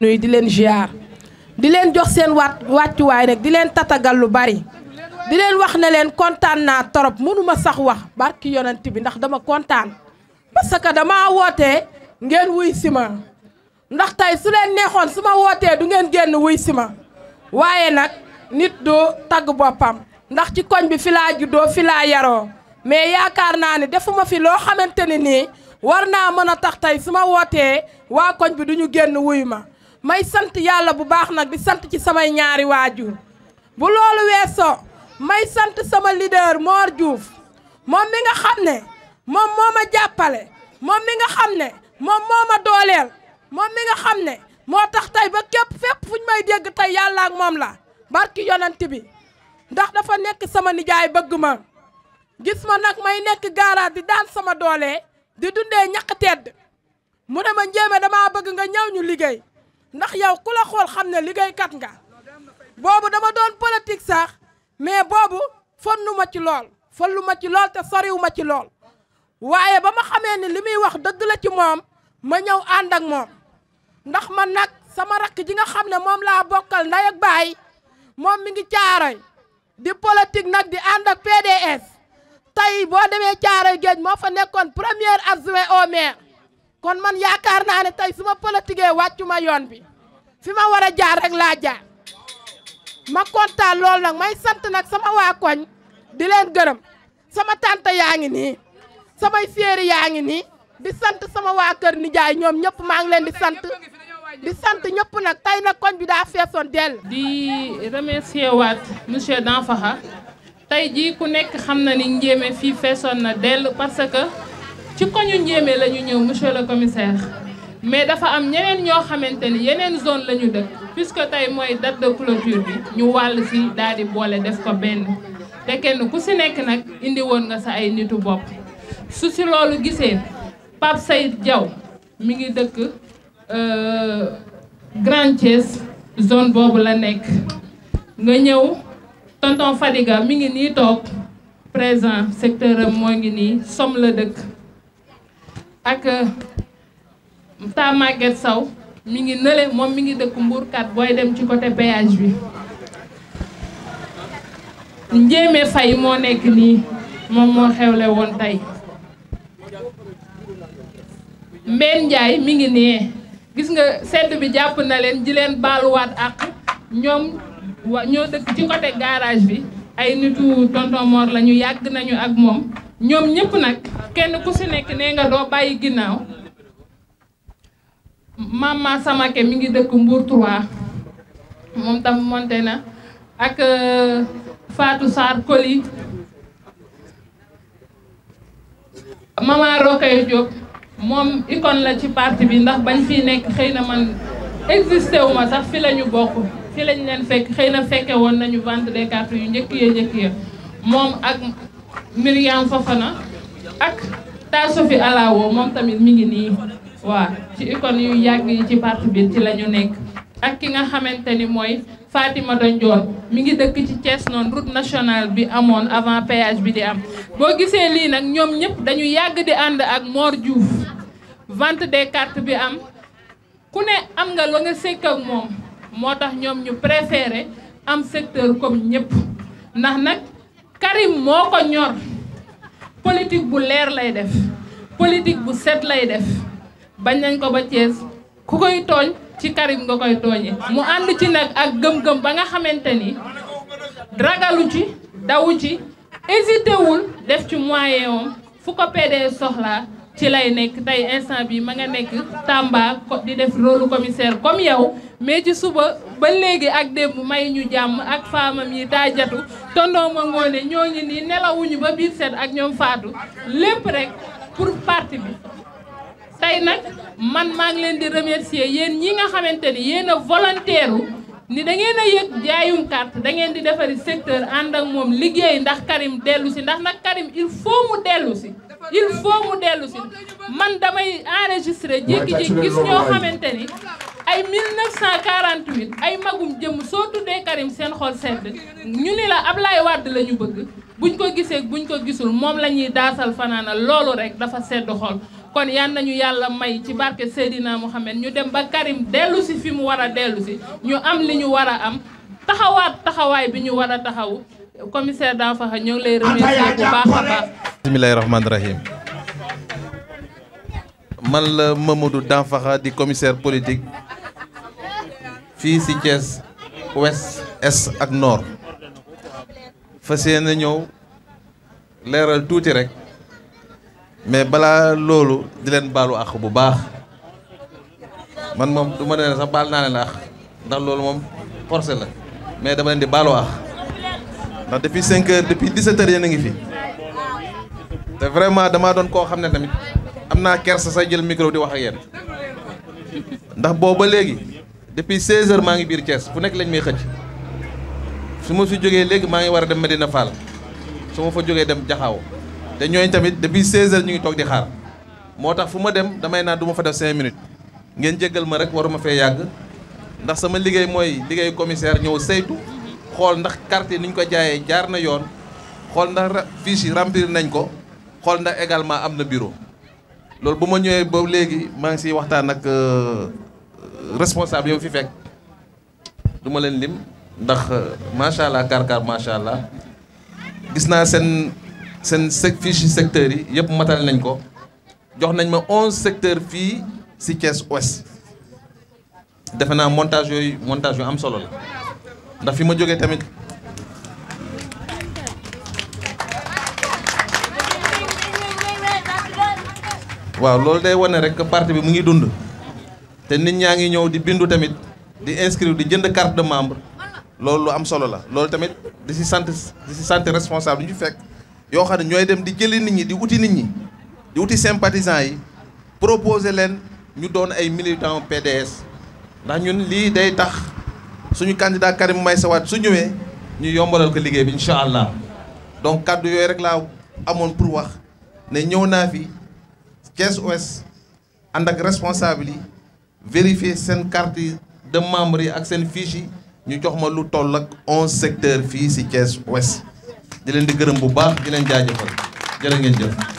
nuy di leen ziar di leen jox seen waat wàccuwaay rek di leen tatagal lu bari di leen wax ne leen kontaan naa torop mënuma sax wax barki yonent bi ndax dama kontaan parce que dama woote ngeen wuy si ma ndax tey su leen neexoon su ma wootee du ngeen génn wuy si ma waaye nag nit doo tagg boppam ndax ci koñ bi fi laa juddoo fi laa yaroo mais yaakaar naa ni defuma fi loo xamante ne nii war naa mën a tax tey su ma wootee waa koñ bi duñu génn wuyu ma may sant yàlla bu baax nag di sant ci samay ñaari waajur bu loolu weesoo may sant sama leader Mor Diouf moom mi nga xam ne moom moo ma jàppale moom mi nga xam ne moo ma dooleel moom mi xam ne moo tax tey ba képp fépp fu ñu may dégg tey yàlla moom la barki yonent bi ndax dafa nekk sama nijaay bëgg ma gis ma nag may nekk gaaraat di daan sama doole di dundee ñaq tedd mu ne ma njéeme damaa bëgg nga ñaw ñu liggéey ndax yow ku la xool xam ne kat nga boobu dama doon politique sax mais boobu fonnu ma ci lool fonnu ma ci lool te soriw ma ci lool waaye ba ma xamee ni li muy wax dëgg la ci moom ma ñëw ànd ak moom ndax man nag sama rakk ji nga xam ne moom laa bokkal ndey ak baay moom mi ngi caaroy di politique nag di ànd ak PDS tey boo demee caaroy géej moo fa nekkoon premier adjoint au maire kon man yaakaar naa ne tey su ma politique ma yoon bi fi ma war a jaar rek laa jaar ma kontaan loolu nag may sant nag sama waa koñ di leen gërëm sama tante yaa ngi nii sama séeri yaa ngi nii di sant sama waa kër nijaay ñoom ñëpp maa ngi leen di sant di sant ñëpp nag tay nag koñ bi daa feesoon dell di remercier waat monsieur Danfaxa tey jii ku nekk xam na ni njéeme fii feesoon na dell parce que ci koñu njéeme la ñu ñëw monsieur le commissaire mais dafa am ñeneen ñoo xamante ni yeneen zone la ñu dëkk puisque tey mooy date de bi ñu wàll si daal di boole def ko benn te kenn ku si nekk nag indi woon nga sa ay nitu bopp su si loolu gisee Pape Saïd Diaw mi ngi dëkk euh, Grand Thiès zone boobu la nekk nga ñëw tonton Fadiga mi ngi nii toog présent secteur moo ngi nii Somme la dëkk ak euh, ta saw mi ngi nële moom mi ngi dëkk Mbourkat booy dem ci côté péage bi njéeme say moo nekk nii moom moo xewle woon tey Mbène Ndiaye mi ngi nee gis nga sedd bi jàpp na leen ji leen baaluwaat ak ñoom wa ñoo dëkk ci côté garage bi ay nitu tonton Mor la yàgg nañu ak moom ñoom ñëpp nag kenn ku si nekk nee nga doo bàyyi ginnaaw mama Samake mi ngi dëkk Mbour 3 moom tam monte na ak euh, Fatou Sarr Koli mama Rokhaya Diop moom icône la ci parti bi ndax bañ fii nekk xëy na man existé wu ma sax fi la ñu bokk fi lañ leen fekk xëy na fekke woon nañu vente des cartes yu njëkk ya njëkk ya moom ak Myriam Fofana ak taa Sofi Alawo moom tamit mu ngi nii waa ci école yu yàgg yi ci parti bi ci la ñu nekk ak ki nga xamante ni mooy Fatima Dondion mi ngi dëkk ci Thiès noonu route nationale bi amoon avant péage bi di am boo gisee lii nag ñoom ñëpp dañu yàgg di ànd ak moor Diouf vente des cartes bi am ku ne am nga la nga sekk ak moom moo tax ñoom ñu préféré am secteur comme ñëpp ndax nag Karim moo ko ñor politique bu leer lay def politique bu set lay def bañ nañ ko ba cees ku koy tooñ ci Karim nga koy tooñee mu ànd ci nag ak gëm-gëm ba nga xamante ni ragalu ci dawu ci hésité def ci moyen om fu ko PDS soxlaa ci lay nekk tey instant bii ma nga nekk Tamba di def rôle commissaire comme yow mais ci suba ba léegi ak démb may ñu jàmm ak faamam yi daajatu tonton ma ngoone ñoo ngi nii nelawuñu ba biir set ak ñoom faatu lépp rek pour parti bi tey nag man maa ngi leen di remercier yéen ñi nga xamante ni yéen a volontaire ni da ngeen a yëg jaayum carte da ngeen di defari secteur ànd ak moom liggéey ndax Karim dellu si ndax nag Karim il faut mu dellu si il faut mu dellu si man damay enregistré jékki-jékki gis ñoo xamante ni ay 1948 ay magum jëm soo tuddee Karim seen xol sedd ñu ni la Ablaye Wade la ñu bëgg buñ ko gisee buñ ko gisul moom lañuy ñuy daasal fanaanal loolu rek dafa sedd xol. kon yan nañu yàlla may ci barke Seydina Mohamed ñu dem ba Karim dellusi si fi mu war a dellu ñu am li ñu war a am taxawaat taxawaay bi ñu war a taxawu commissaire Danfakha ñoo ngi lay remercier bu baax man la Mamadou Danfakha di commissaire politique. fii si Thiès ouest est ak nord fas yéene ñëw leeral tuuti rek mais balaa loolu di leen baalu àq bu baax man moom du ma ne sax baal naa leen àq ndax loolu moom forcé la mais dama leen di baalu àq ndax depuis 5 heures depuis 17 heures yéen a ngi fi te vraiment damaa doon koo xam ne tamit am naa kersa sa jël micro di wax ak yéen ndax booba léegi. depuis 16 heures maa ngi biir Thiès fu nekk lañ may xëcc su ma fi jógee léegi maa ngi war a dem Medina Fall su ma fa jógee dem Jaxaaw te ñooñu tamit depuis 16 heures ñu ngi toog di xaar moo tax fu ma dem damay naa du ma fa def 5 minutes ngeen jéggal ma rek waruma fee yàgg ndax sama liggéey mooy liggéey commissaire ñëw saytu xool ndax carte yi ni ñu ko jaayee jaar na yoon xool ndax fiche yi remplir nañ ko xool ndax également am na bureau loolu bu ma ñëwee boobu léegi maa ngi siy waxtaan ak. Euh, responsable yow fi fekk du ma leen lim ndax euh, macha allah karkar macha allah gis naa seen seen fiche secteurs yi yëpp matal nañ ko jox nañ ma onze secteur fii si Thiès Ouest defe naa montage yooyu montage yu am solo la ndax fi ma jógee tamit waaw loolu day wane rek parti bi mu ngi dund te nit ñaa ngi ñëw di bindu tamit di inscrire di jënd carte de membre loolu lu am solo la loolu tamit di si sant di si sant responsable ñu fekk yoo xam ne ñooy dem di jëli nit ñi di wuti nit ñi di wuti sympathisants yi proposer leen ñu doon ay militants PDS ndax ñun lii day tax suñu candidat Karim Meïssa Wade su ñëwee ñu yombalal ko liggéey bi incha allah donc kàddu yooyu rek laa amoon pour wax ne ñëw naa fi Thiès Ouest ànd ak responsable yi. vérifier seen carte yi de yi ak seen fiche yi ñu jox ma lu toll ak onze secteurs fii ci Thiès Ouest di leen di gërëm bu baax di leen jaajëfal jërë ngeen jëf.